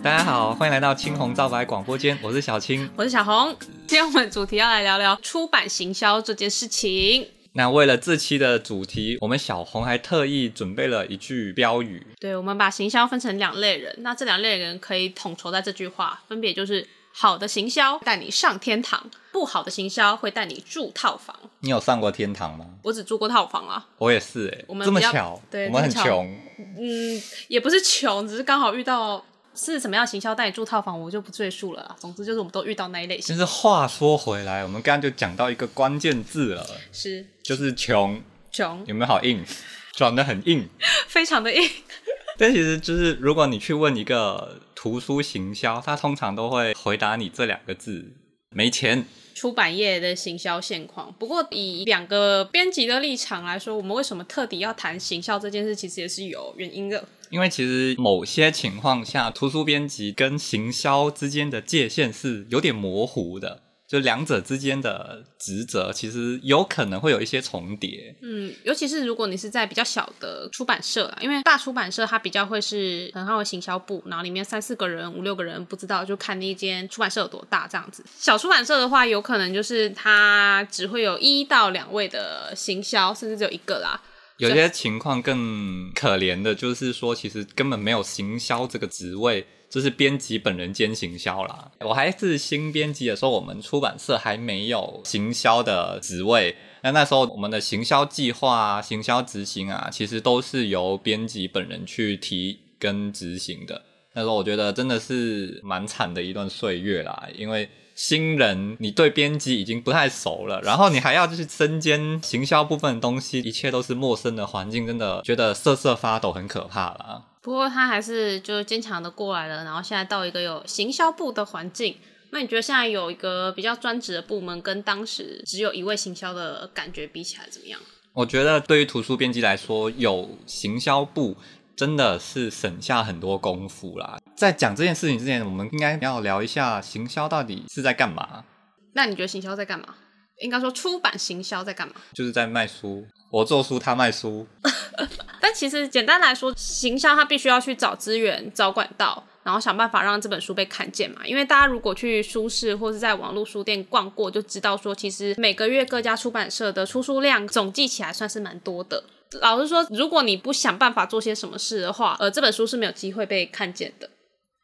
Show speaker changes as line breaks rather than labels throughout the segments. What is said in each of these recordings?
大家好，歡迎來到青紅皂白廣播間，我是小青，我
是小紅。今天我們主題要來聊聊出版行銷這件事情。
那為了這期的主題，我們小紅還特意準備了一句標語。
對，我們把行銷分成兩類人，那這兩類人可以統籌在這句話，分別就是好的行銷帶你上天堂，不好的行銷會帶你住套房。
你有上過天堂嗎？
我只住過套房啊。
我也是，欸，我們這麼巧，對，我們很窮。
嗯，也不是窮，只是剛好遇到。是什麼樣行銷帶你住套房，我就不贅述了。總之就是我們都遇到那一類型。
其實話說回來，我們剛剛就講到一個關鍵字了，是，就是窮，
窮有
沒有好硬，轉得很硬，
非常的硬。
但其實就是，如果你去問一個圖書行銷，他通常都會回答你這兩個字：沒錢。
出版業的行銷現況，不過以兩個編輯的立場來說，我們為什麼特地要談行銷這件事，其實也是有原因的。
因為其實某些情況下，圖書編輯跟行銷之間的界限是有點模糊的，就兩者之間的職責其實有可能會有一些重疊。嗯，
尤其是如果你是在比較小的出版社啦，因為大出版社它比較會是很好的行銷部，然後裡面三四個人、五六個人，不知道就看那間出版社有多大這樣子。小出版社的話，有可能就是它只會有一到兩位的行銷，甚至只有一個啦。
有些情況更可憐的，就是說，其實根本沒有行銷這個職位，就是編輯本人兼行銷啦。我還是新編輯的時候，我們出版社還沒有行銷的職位，那那時候我們的行銷計劃啊、行銷執行啊，其實都是由編輯本人去提跟執行的。那時候我覺得真的是蠻慘的一段歲月啦，因為。新人，你對編輯已經不太熟了，然後你還要就是身兼行銷部分的東西，一切都是陌生的環境，真的覺得瑟瑟發抖，很可怕了。
不過他還是就是堅強的過來了，然後現在到一個有行銷部的環境，那你覺得現在有一個比較專職的部門，跟當時只有一位行銷的感覺比起來怎麼樣？
我覺得對於圖書編輯來說，有行銷部。真的是省下很多功夫啦！在講這件事情之前，我們應該要聊一下行銷到底是在幹嘛。
那你覺得行銷在幹嘛？應該說出版行銷在幹嘛？
就是在賣書，我做書，他賣書。
但其實簡單來說，行銷他必須要去找資源、找管道，然後想辦法讓這本書被看見嘛。因為大家如果去書市或是在網絡書店逛過，就知道說，其實每個月各家出版社的出書量總計起來算是蠻多的。老實說，如果你不想辦法做些什麼事的話，呃，這本書是沒有機會被看見的。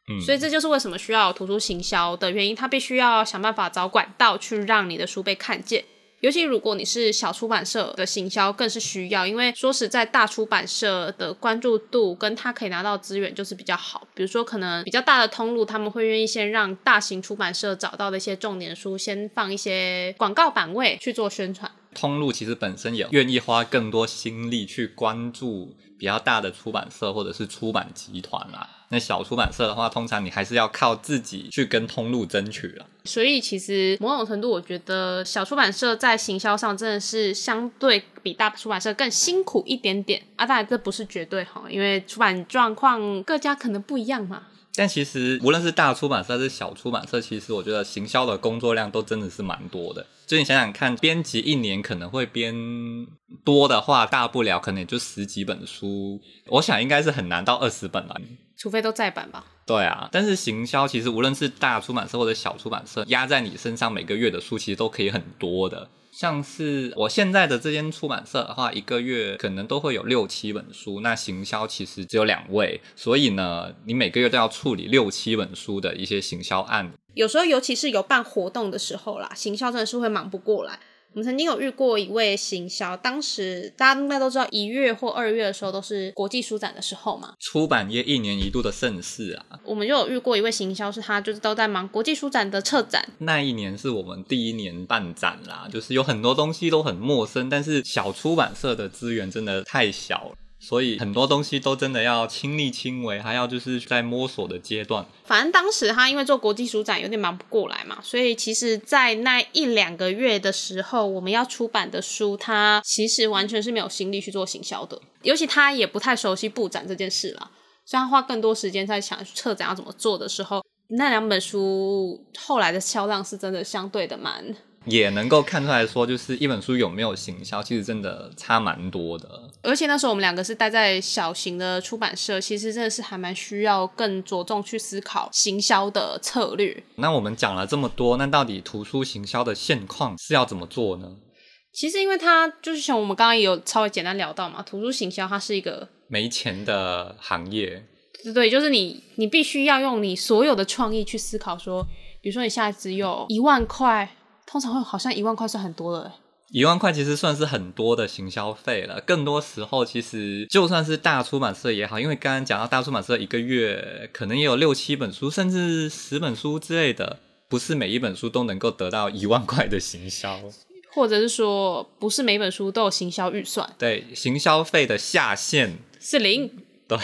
嗯，所以這就是為什麼需要圖書行銷的原因。它必須要想辦法找管道去讓你的書被看見。尤其如果你是小出版社的行銷，更是需要。因為說實在，大出版社的關注度跟他可以拿到資源就是比較好。比如說，可能比較大的通路，他們會願意先讓大型出版社找到的一些重點書，先放一些廣告版位去做宣傳。
通路其實本身也願意花更多心力去關注比較大的出版社或者是出版集團啦、啊。那小出版社的話，通常你還是要靠自己去跟通路爭取了、
啊。所以其實某種程度，我覺得小出版社在行銷上真的是相對比大出版社更辛苦一點點啊。當然這不是絕對哈，因為出版狀況各家可能不一樣嘛。
但其實無論是大出版社還是小出版社，其實我覺得行銷的工作量都真的是蠻多的。所以你想想看，編輯一年可能會編多的話，大不了可能也就十幾本書。我想應該是很難到二十本了，
除非都再版吧。
對啊，但是行銷其實無論是大出版社或者小出版社，壓在你身上每個月的書其實都可以很多的。像是我現在的這間出版社的話，一個月可能都會有六七本書。那行銷其實只有兩位，所以呢，你每個月都要處理六七本書的一些行銷案
有時候，尤其是有辦活動的時候啦，行銷真的是會忙不過來。我們曾經有遇過一位行銷，當時大家應該都知道，一月或二月的時候都是國際書展的時候嘛，
出版業一年一度的盛事啊。
我們就有遇過一位行銷，是他就是都在忙國際書展的策展。
那一年是我們第一年辦展啦，啊，就是有很多東西都很陌生，但是小出版社的資源真的太小了。所以很多東西都真的要親力親為，還要就是在摸索的階段。
反正當時他因為做國際書展有點忙不過來嘛，所以其實，在那一兩個月的時候，我們要出版的書，他其實完全是沒有心力去做行銷的。尤其他也不太熟悉布展這件事啦，所以他花更多時間在想策展要怎麼做的時候，那兩本書後來的銷量是真的相對的蠻。
也能夠看出來說，就是一本書有沒有行銷，其實真的差蠻多的。
而且那時候我們兩個是待在小型的出版社，其實真的是還蠻需要更着重去思考行銷的策略。
那我們講了這麼多，那到底圖書行銷的現況是要怎麼做呢？
其實，因為它就是像我們剛剛也有稍微簡單聊到嘛，圖書行銷它是一個
沒錢的行業。
對，就是你你必須要用你所有的創意去思考，說比如說你現在只有一萬塊。通常會好像一萬塊算很多
了，欸，一萬塊其實算是很多的行銷費了。更多時候其實就算是大出版社也好，因為剛剛講到大出版社一個月可能也有六七本書，甚至十本書之類的，不是每一本書都能夠得到一萬塊的行銷，
或者是說不是每一本書都有行銷預算。
對，行銷費的下限是零，對，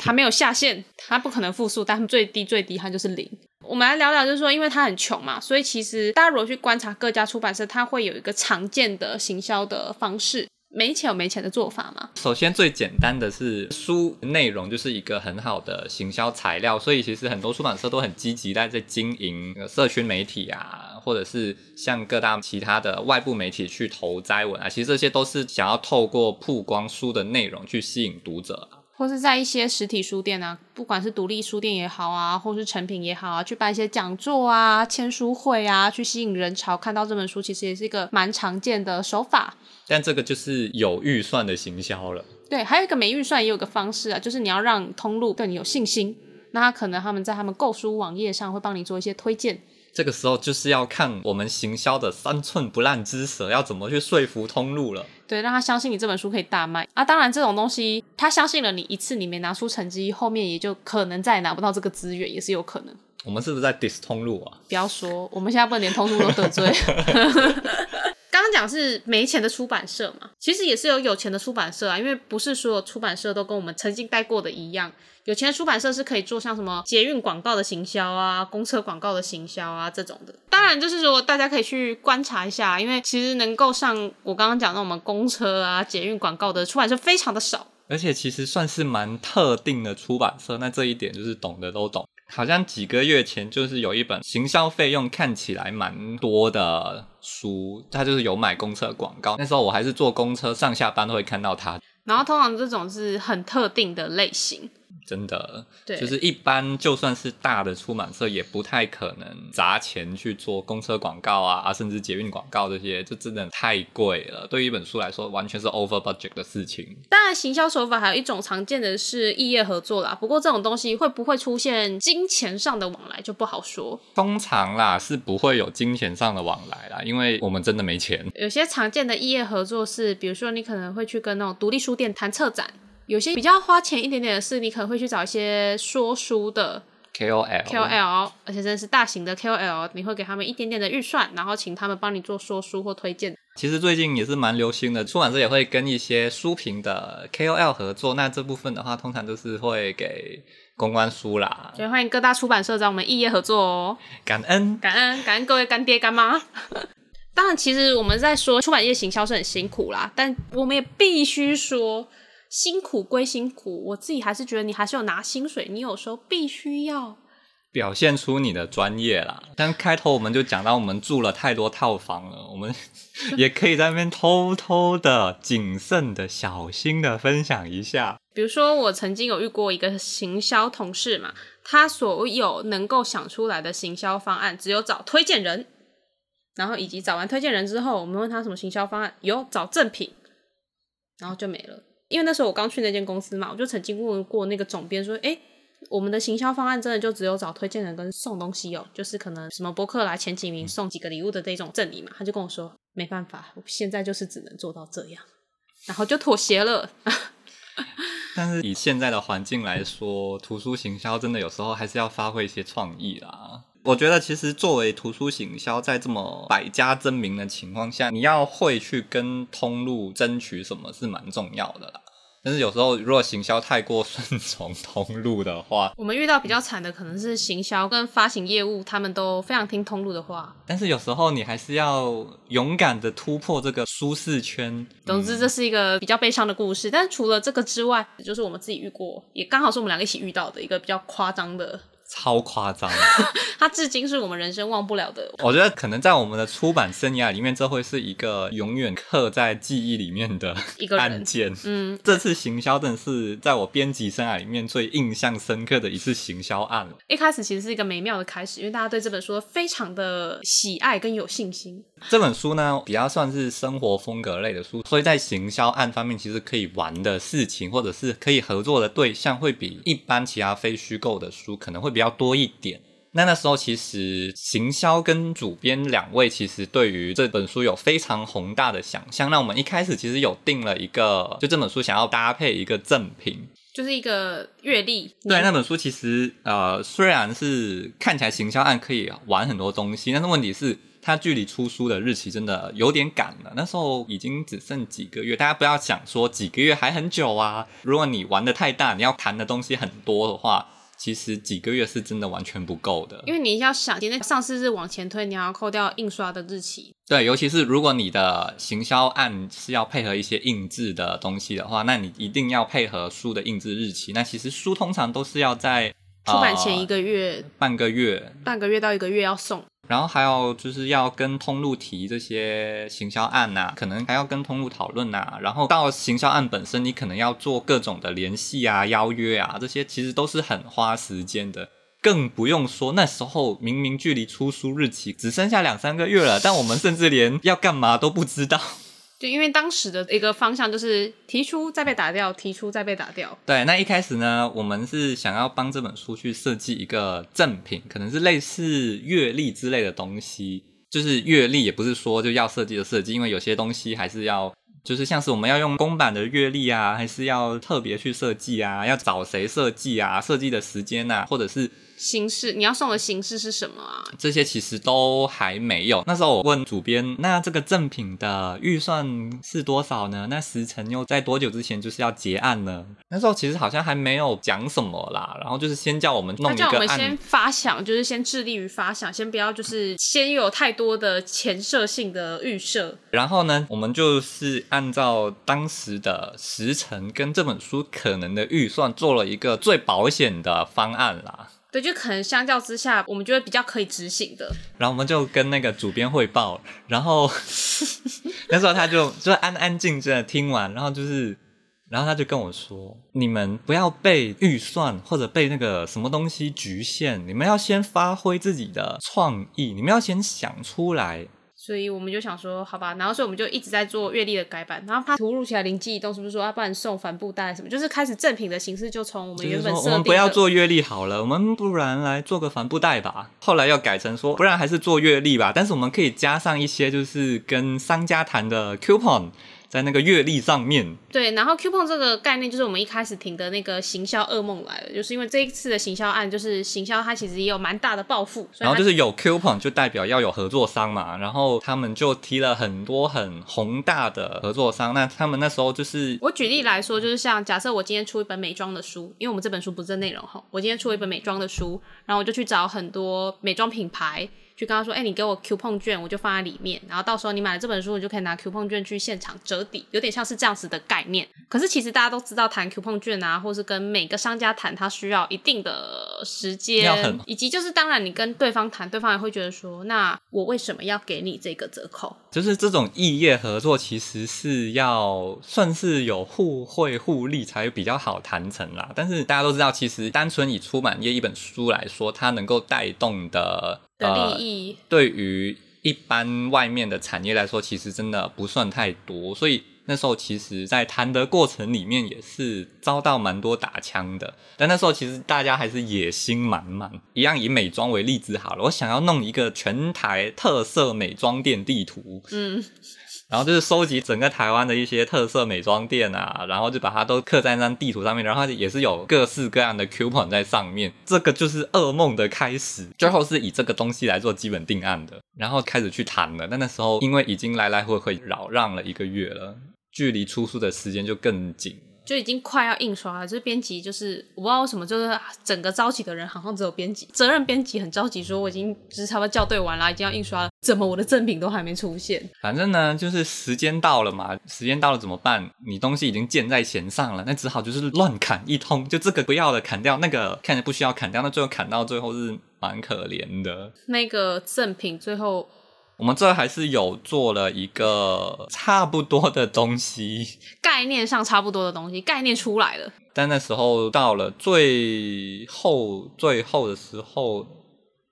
它沒有下限，它不可能負數，但最低最低它就是零。我們來聊聊，就是說，因為他很窮嘛，所以其實大家如果去觀察各家出版社，他會有一個常見的行銷的方式，沒錢有沒錢的做法嘛。
首先，最簡單的是書的內容就是一個很好的行銷材料，所以其實很多出版社都很積極在在經營社群媒體啊，或者是向各大其他的外部媒體去投摘文啊，其實這些都是想要透過曝光書的內容去吸引讀者。
或是在一些實體書店啊，不管是獨立書店也好啊，或是誠品也好啊，去辦一些講座啊、簽書會啊，去吸引人潮，看到這本書其實也是一個蠻常見的手法。
但這個就是有預算的行銷了。
對，還有一個沒預算也有一個方式啊，就是你要讓通路對你有信心，那他可能他們在他們購書網頁上會幫你做一些推薦。
這個時候就是要看我們行銷的三寸不爛之舌要怎麼去說服通路了。
對，讓他相信你這本書可以大賣啊！當然，這種東西他相信了你一次，你沒拿出成績，後面也就可能再也拿不到這個資源，也是有可能。
我們是不是在 diss 通路啊？
不要說，我們現在不能連通路都得罪。 剛剛講是沒錢的出版社嘛，其實也是有有錢的出版社啊，因為不是所有出版社都跟我們曾經待過的一樣，有錢的出版社是可以做像什麼捷運廣告的行銷啊、公車廣告的行銷啊這種的。當然，就是說大家可以去觀察一下，因為其實能夠上我剛剛講的我們公車啊、捷運廣告的出版社非常的少，
而且其實算是蠻特定的出版社，那這一點就是懂的都懂。好像幾個月前就是有一本行銷費用看起來蠻多的書，他就是有買公車廣告。那時候我還是坐公車上下班都會看到他。
然後通常這種是很特定的類型。
真的，就是一般就算是大的出版社，也不太可能砸錢去做公車廣告啊，啊，甚至捷運廣告這些，就真的太貴了。對於一本書來說，完全是 over budget 的事情。
當然，行銷手法還有一種常見的是異業合作啦。不過，這種東西會不會出現金錢上的往來，就不好說。
通常啦，是不會有金錢上的往來啦，因為我們真的沒錢。
有些常見的異業合作是，比如說你可能會去跟那種獨立書店談策展。有些比較花錢一點點的事，你可能會去找一些說書的
K O L K O
L，而且真的是大型的 K O L，你會給他們一點點的預算，然後請他們幫你做說書或推薦。
其實最近也是蠻流行的，出版社也會跟一些書評的 K O L 合作。那這部分的話，通常都是會給公關書啦。
所以歡迎各大出版社找我們異業合
作哦。感恩感
恩感恩各位乾爹乾媽。 當然，其實我們在說出版業行銷是很辛苦啦，但我們也必須說。辛苦歸辛苦，我自己還是覺得你還是有拿薪水。你有時候必須要
表現出你的專業啦。但開頭我們就講到我們住了太多套房了， 我們也可以在那邊偷偷的、謹慎的、小心的分享一下。
比如說，我曾經有遇過一個行銷同事嘛，他所有能夠想出來的行銷方案只有找推薦人，然後以及找完推薦人之後，我們問他什麼行銷方案，有找贈品，然後就沒了。因為那時候我剛去那間公司嘛，我就曾經問過那個總編說：“哎，我們的行銷方案真的就只有找推薦人跟送東西哦，就是可能什麼博客來前幾名送幾個禮物的這種贈禮嘛。”他就跟我說：“沒辦法，我現在就是只能做到這樣，然後就妥協了。
”但是以現在的環境來說，圖書行銷真的有時候還是要發揮一些創意啦。我覺得其實作為圖書行銷，在這麼百家爭鳴的情況下，你要會去跟通路爭取什麼是蠻重要的啦。但是有時候如果行銷太過順從通路的話，
我們遇到比較慘的可能是行銷跟發行業務，他們都非常聽通路的話。
但是有時候你還是要勇敢的突破這個舒適圈，
嗯。總之，這是一個比較悲傷的故事。但是除了這個之外，就是我們自己遇過，也剛好是我們兩個一起遇到的一個比較誇張的。
超誇張！
它 至今是我們人生忘不了的。
我覺得可能在我們的出版生涯裡面，這會是一個永遠刻在記憶裡面的一個人案件。嗯，這次行銷真的是在我編輯生涯裡面最印象深刻的一次行銷案了。
一開始其實是一個美妙的開始，因為大家對這本書非常的喜愛跟有信心。
這本書呢，比較算是生活風格類的書，所以在行銷案方面，其實可以玩的事情或者是可以合作的對象，會比一般其他非虛構的書可能會比。比較多一點。那那時候其實行銷跟主編兩位其實對於這本書有非常宏大的想象。那我們一開始其實有定了一個，就這本書想要搭配一個贈品，
就是一個月曆。
對，那本書其實呃，雖然是看起來行銷案可以玩很多東西，但是問題是它距離出書的日期真的有點趕了。那時候已經只剩幾個月，大家不要想說幾個月還很久啊。如果你玩得太大，你要談的東西很多的話，其實幾個月是真的完全不夠的，因
為你要想，今天上市日往前推，你還要扣掉印刷的日期。
對，尤其是如果你的行銷案是要配合一些印制的東西的話，那你一定要配合書的印制日期。那其實書通常都是要在出版前一
個月，
呃、半個月、
半個月到一個月要送。
然後還有就是要跟通路提這些行銷案啊，可能還要跟通路討論啊。然後到行銷案本身，你可能要做各種的聯繫啊、邀約啊，這些其實都是很花時間的。更不用說那時候明明距離出書日期只剩下兩三個月了，但我們甚至連要幹嘛都不知道。
就因為當時的一個方向，就是提出再被打掉，提出再被打掉。
對，那一開始呢，我們是想要幫這本書去設計一個贈品，可能是類似月曆之類的東西。就是月曆，也不是說就要設計的設計，因為有些東西還是要，就是像是我們要用公版的月曆啊，還是要特別去設計啊，要找誰設計啊，設計的時間啊，或者是。
形式你要送的形式是什麼
啊？這些其實都還沒有。那時候我問主編，那這個贈品的預算是多少呢？那時程又在多久之前就是要結案呢？那時候其實好像還沒有講什麼啦。然後就是先叫我們弄一個案，叫我們先
發想，就是先致力於發想，先不要就是先有太多的前設性的預設、嗯。
然後呢，我們就是按照當時的時程跟這本書可能的預算，做了一個最保險的方案啦。
對，就可能相較之下，我們覺得比較可以執行的。
然後我們就跟那個主編匯報，然後 那時候他就就安安靜靜的聽完，然後就是，然後他就跟我說：“你們不要被預算或者被那個什麼東西局限，你們要先發揮自己的創意，你們要先想出來。”
所以我們就想說，好吧，然後所以我們就一直在做月曆的改版，然後他突如其來靈機一動，是不是說要幫你送帆布袋什麼？就是開始贈品的形式，就從我們原本設定的我們不要做
月曆好了，嗯，我們不然來做個帆布袋吧。後來要改成說，不然還是做月曆吧，但是我們可以加上一些就是跟商家談的 coupon。在那個閱歷上面，
對，然後 coupon 這個概念就是我們一開始提的那個行銷噩夢來了，就是因為這一次的行銷案，就是行銷它其實也有蠻大的抱負，然後就是有
coupon 就代表要有合作商嘛，然後他們就提了很多很宏大的合作商，那他們那時候就是
我舉例來說，就是像假設我今天出一本美妝的書，因為我們這本書不是內容哈，我今天出了一本美妝的書，然後我就去找很多美妝品牌。就跟他說：“哎、欸，你給我 coupon 券，我就放在裡面。然後到時候你買了這本書，我就可以拿 coupon 券去現場折抵，有點像是這樣子的概念。可是其實大家都知道，談 coupon 券啊，或是跟每個商家談，他需要一定的時間，以及就是當然你跟對方談，對方也會覺得說，那我為什麼要給你這個折扣？
就是這種異業合作，其實是要算是有互惠互利才有比較好談成啦。但是大家都知道，其實單純以出版業一本書來說，它能夠帶動的。”利益，呃，對於一般外面的產業來說，其實真的不算太多，所以那時候其實，在談的過程裡面也是遭到蠻多打槍的。但那時候其實大家還是野心滿滿，一樣以美妝為例子好了，我想要弄一個全台特色美妝店地圖。嗯。然後就是收集整個台灣的一些特色美妝店啊，然後就把它都刻在那張地圖上面，然後也是有各式各樣的 coupon 在上面。這個就是噩夢的開始，最後是以這個東西來做基本定案的，然後開始去談了。但那時候因為已經來來回回擾攘了一個月了，距離出書的時間就更緊。
就已經快要印刷了，這編輯就是、就是、我不知道為什麼，就是整個着急的人好像只有編輯，責任編輯很着急說我已經、就是差不多校對完了，已經要印刷了，怎麼我的贈品都還沒出現？
反正呢，就是時間到了嘛，時間到了怎麼辦？你東西已經箭在弦上了，那只好就是亂砍一通，就這個不要的砍掉，那個看着不需要砍掉，那最後砍到最後是蠻可憐的。
那個贈品最後。
我們這還是有做了一個差不多的東西，
概念上差不多的東西，概念出來了。
但那時候到了最後最後的時候，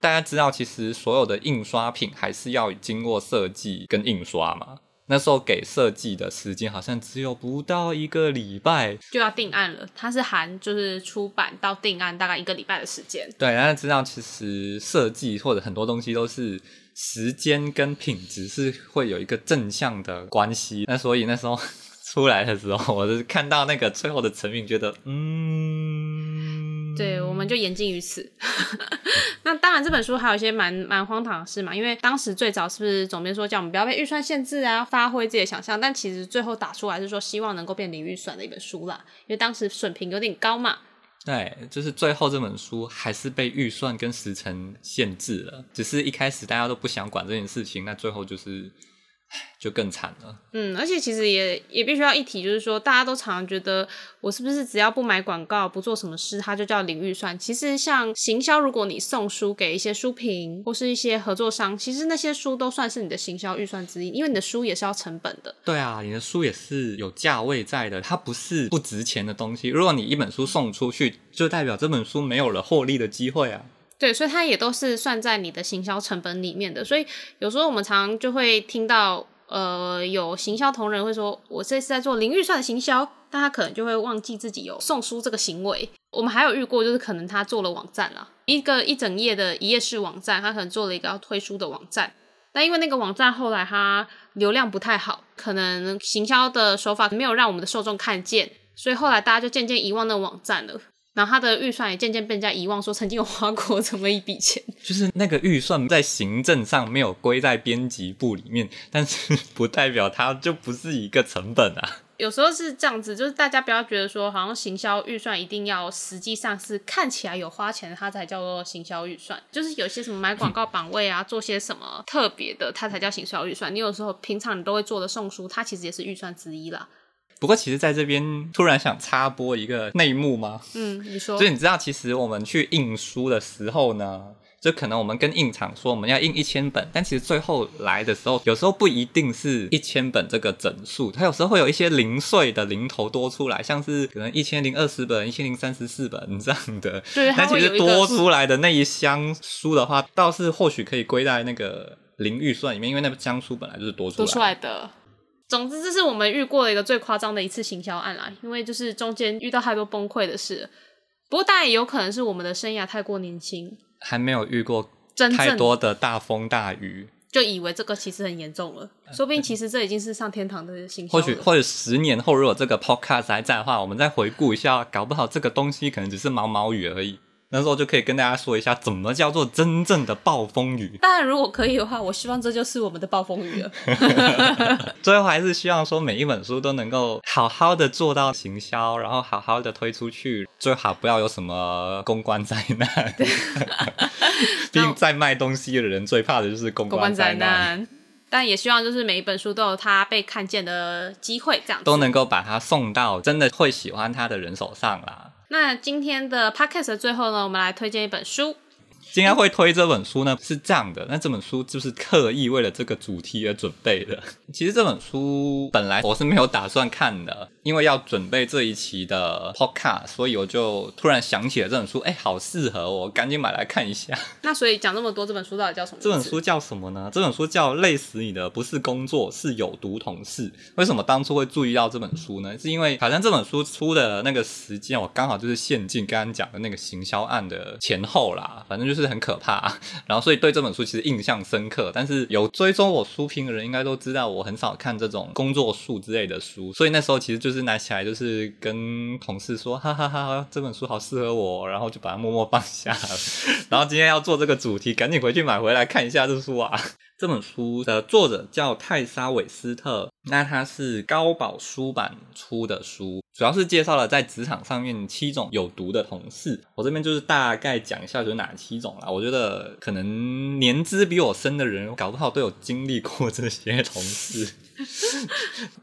大家知道，其實所有的印刷品還是要經過設計跟印刷嘛。那時候給設計的時間好像只有不到一個禮拜
就要定案了。它是含就是出版到定案大概一個禮拜的時間。
對，大家知道，其實設計或者很多東西都是。時間跟品質是會有一個正向的關係，那所以那時候出來的時候，我就看到那個最後的成品，覺得嗯，
對，我們就言盡於此。 那當然這本書還有一些蠻蠻荒唐的事嘛，因為當時最早是不是總編說叫我們不要被預算限制啊，發揮自己的想象但其實最後打出來是說希望能夠變零預算的一本書啦，因為當時損平有點高嘛。
對，就是最後這本書還是被預算跟時程限制了。只是一開始大家都不想管這件事情，那最後就是。就更慘了。
嗯，而且其實也也必須要一提，就是說，大家都常常覺得，我是不是只要不買廣告，不做什麼事，它就叫零預算？其實像行銷，如果你送書給一些書評或是一些合作商，其實那些書都算是你的行銷預算之一，因為你的書也是要成
本的。對啊，你的書也是有價位在的，它不是不值錢的東西。如果你一本書送出去，就代表這本書沒有了獲利的機會啊。
對，所以它也都是算在你的行銷成本裡面的。所以有時候我們常常就會聽到，呃，有行銷同仁會說：“我這次在做零預算的行銷”，但他可能就會忘記自己有送書這個行為。我們還有遇過，就是可能他做了網站啦，一個一整頁的一頁式網站，他可能做了一個要推書的網站，但因為那個網站後來他流量不太好，可能行銷的手法沒有讓我們的受眾看見，所以後來大家就漸漸遺忘那個網站了。然後他的預算也漸漸被人家遺忘，說曾經有花過這麼一筆錢。
就是那個預算在行政上沒有歸在編輯部裡面，但是不代表它就不是一個成本啊。
有時候是這樣子，就是大家不要覺得說，好像行銷預算一定要實際上是看起來有花錢，它才叫做行銷預算。就是有些什麼買廣告版位啊、嗯，做些什麼特別的，它才叫行銷預算。你有時候平常你都會做的送書，它其實也是預算之一啦。
不過其實，在這邊突然想插播一個內幕嗎？嗯，你說。所以你知道，其實我們去印書的時候呢，就可能我們跟印廠說我們要印一千本，但其實最後來的時候，有時候不一定是一千本這個整數，它有時候會有一些零碎的零頭多出來，像是可能一千零二十本、一千零三十四本這樣的。對。但其實多出來的那一箱書的話，嗯、倒是或許可以歸在那個零預算裡面，因為那箱書本來就是多出來。多出來
的。總之，這是我們遇過了一個最誇張的一次行銷案啦，因為就是中間遇到太多崩潰的事了。不過，但也有可能是我們的生涯太過年輕，
還沒有遇過真正多的大風大雨，
就以為這個其實很嚴重了。說不定其實這已經是上天堂的行銷了。嗯。或許，或許
十年後，如果這個 podcast 還在的話，我們再回顧一下，搞不好這個東西可能只是毛毛雨而已。那時候就可以跟大家說一下，怎麼叫做真正的暴風雨。
但如果可以的話，我希望這就是我們的暴風雨了。
最後還是希望說，每一本書都能夠好好的做到行銷，然後好好的推出去，最好不要有什麼公關災難。對，畢竟 在賣東西的人最怕的就是公關災難，公關災
難。但也希望就是每一本書都有它被看見的機會，這樣子都
能夠把它送到真的會喜歡它的人手上啦。
那今天的 Podcast 的最後呢，我們來推薦一本書。
今天會推這本書呢，是這樣的，那這本書就是刻意為了這個主題而準備的。其實這本書本來我是沒有打算看的，因為要準備這一期的 Podcast，所以我就突然想起了這本書，哎，好適合我，趕緊買來看一下。
那所以講這麼多，這本書到底叫什麼？這本書
叫什麼呢？這本書叫累死你的不是工作，是有毒同事。為什麼當初會注意到這本書呢？是因為好像這本書出的那個時間，我剛好就是陷進剛剛講的那個行銷案的前後啦，反正就是。就是很可怕啊，然後所以對這本書其實印象深刻。但是有追蹤我書評的人應該都知道，我很少看這種工作術之類的書，所以那時候其實就是拿起來，就是跟同事說哈哈哈哈，這本書好適合我，然後就把它默默放下了。然後今天要做這個主題，趕緊回去買回來看一下這書啊。這本書的作者叫泰莎·韋斯特，那他是高寶書版出的書。主要是介紹了在職場上面七種有毒的同事，我這邊就是大概講一下有哪七種啦。我覺得可能年資比我深的人，搞不好都有經歷過這些同事。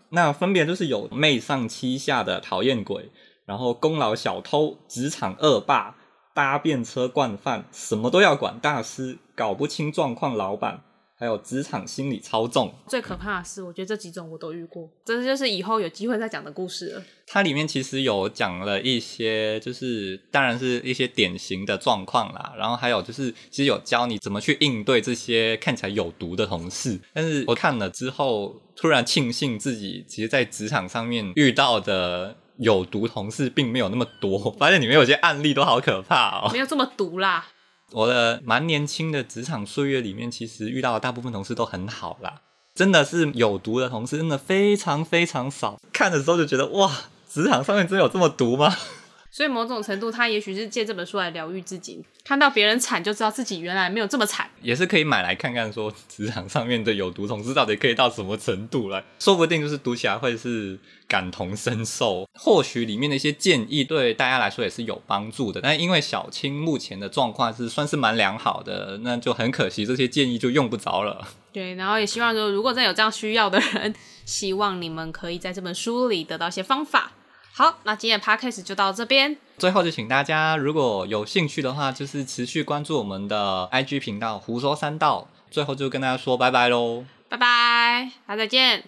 那分別就是有媚上欺下的討厭鬼，然後功勞小偷、職場惡霸、搭便車慣犯、什麼都要管大師、搞不清狀況老闆，還有職場心理操縱，
最可怕的是，我覺得這幾種我都遇過，真的就是以後有機會再講的故事了。
它裡面其實有講了一些，就是當然是一些典型的狀況啦，然後還有就是其實有教你怎麼去應對這些看起來有毒的同事。但是我看了之後，突然慶幸自己其實在職場上面遇到的有毒同事並沒有那麼多，發現裡面有些案例都好可怕哦，沒
有這麼毒啦。
我的蠻年輕的職場歲月裡面，其實遇到的大部分同事都很好啦，真的是有毒的同事真的非常非常少。看的時候就覺得，哇，職場上面真有這麼毒嗎？
所以某種程度，他也許是借這本書來療癒自己。看到別人慘，就知道自己原來沒有這麼慘。
也是可以買來看看，說職場上面的有毒同事到底可以到什麼程度來。說不定就是讀起來會是感同身受。或許裡面的一些建議對大家來說也是有幫助的。但因為小青目前的狀況是算是蠻良好的，那就很可惜這些建議就用不着了。
對，然後也希望說，如果真有這樣需要的人，希望你們可以在這本書裡得到一些方法。.好，那今天的 podcast 就到這邊。
最後就請大家，如果有興趣的話，就是持續關注我們的 IG 頻道“胡說三道”。最後就跟大家說拜拜囉，
拜拜，大家再見。